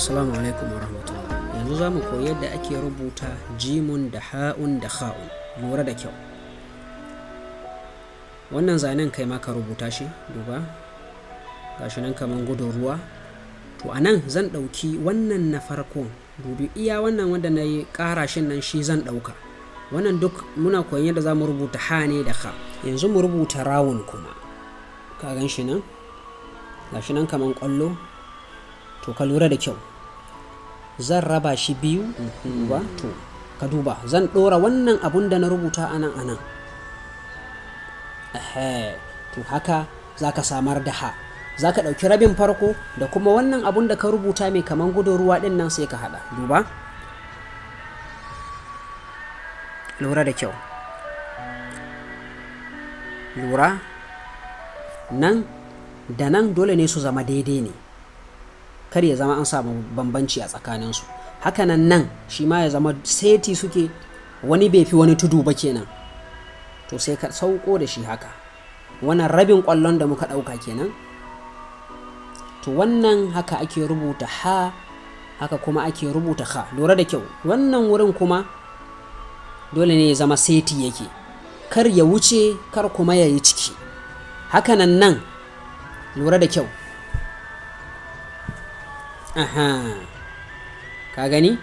assalamu alaikum warahmatullahi yanzu za mu koyi yadda ake rubuta jimun da ha'un da ha'un lura da kyau wannan zanen kai ma ka rubuta shi duba gashi nan kamar gudun ruwa to a nan zan ɗauki wannan na farko dubi iya wannan wanda na yi ƙarashin nan shi zan ɗauka wannan duk muna koyon yadda za mu rubuta ha ne da ha yanzu mu rubuta rawun kuma ka gan shi nan gashi nan kamar ƙwallo to ka lura da kyau zan raba shi biyu ba to ka duba zan ɗora wannan abun da na rubuta anan anan to haka za ka samar da ha za ka ɗauki rabin farko da kuma wannan abun da ka rubuta mai kaman gudun ruwa ɗin nan sai ka haɗa duba lura da kyau lura nan da nan dole ne su zama daidai ne kar ya zama an samu bambanci a tsakaninsu hakanan nan shi ma ya zama seti suke wani bai fi wani tudu ba kenan to sai ka sauko da shi haka wannan rabin kwallon da muka ɗauka kenan to wannan haka ake rubuta ha haka kuma ake rubuta ha lura da kyau wannan wurin kuma dole ne ya zama seti yake kar ya wuce kar kuma ya yi ciki hakanan nan lura da kyau aha ka gani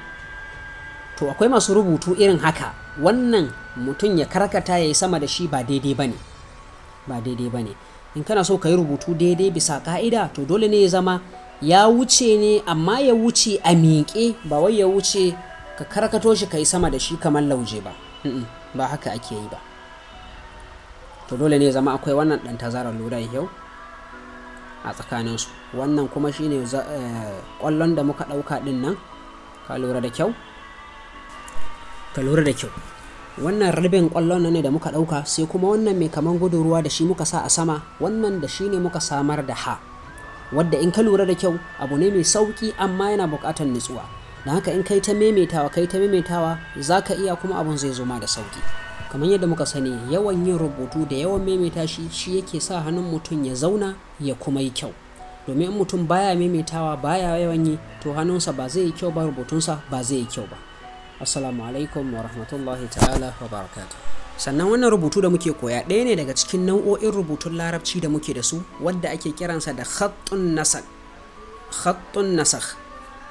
to akwai masu rubutu irin haka wannan mutum ya karkata ya yi sama da shi ba daidai ba ne ba daidai ba ne in kana so ka yi rubutu daidai bisa ka'ida to dole ne ya zama ya wuce ne amma ya wuce a miƙe ba wai ya wuce ka karkato shi ka yi sama da shi kamar lauje ba ba haka ake yi ba to dole ne ya zama akwai wannan ɗan tazarar lura yau a tsakaninsu wannan kuma shine eh, kwallon da muka ɗauka ɗin nan ka lura da kyau ka lura da kyau wannan rabin kwallon nan ne da muka ɗauka sai kuma wannan mai kaman gudun ruwa da shi muka sa a sama wannan da shi ne muka samar da ha wadda in ka lura da kyau abu ne mai sauki amma yana buƙatar nutsuwa da haka in kai ta maimaitawa kai ta maimaitawa za ka iya kuma abun zai zo ma da sauki kamar yadda muka sani yawan yin rubutu da yawan maimaita shi shi yake sa hannun mutum ya zauna ya kuma yi kyau domin in mutum baya maimaitawa baya yawan yi to hannunsa ba zai yi kyau ba rubutunsa ba zai yi kyau ba assalamu alaikum wa rahmatullahi ta'ala wa barakatuh sannan wannan rubutu da muke koya ɗaya ne daga cikin nau'o'in rubutun larabci da muke da su wadda ake kiransa da khattun nasakh khattun nasakh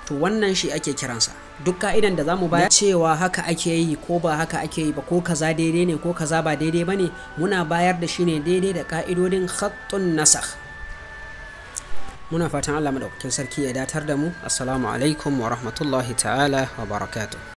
to wannan shi ake kiransa duk ka'idan da zamu bayar cewa haka ake yi ko ba haka ake yi ba ko kaza daidai ne ko kaza ba daidai ba ne muna bayar da shi ne daidai da ka'idodin khattun nasakh muna fatan Allah madaukakin sarki ya datar da mu assalamu alaikum wa rahmatullahi ta'ala wa barakatuh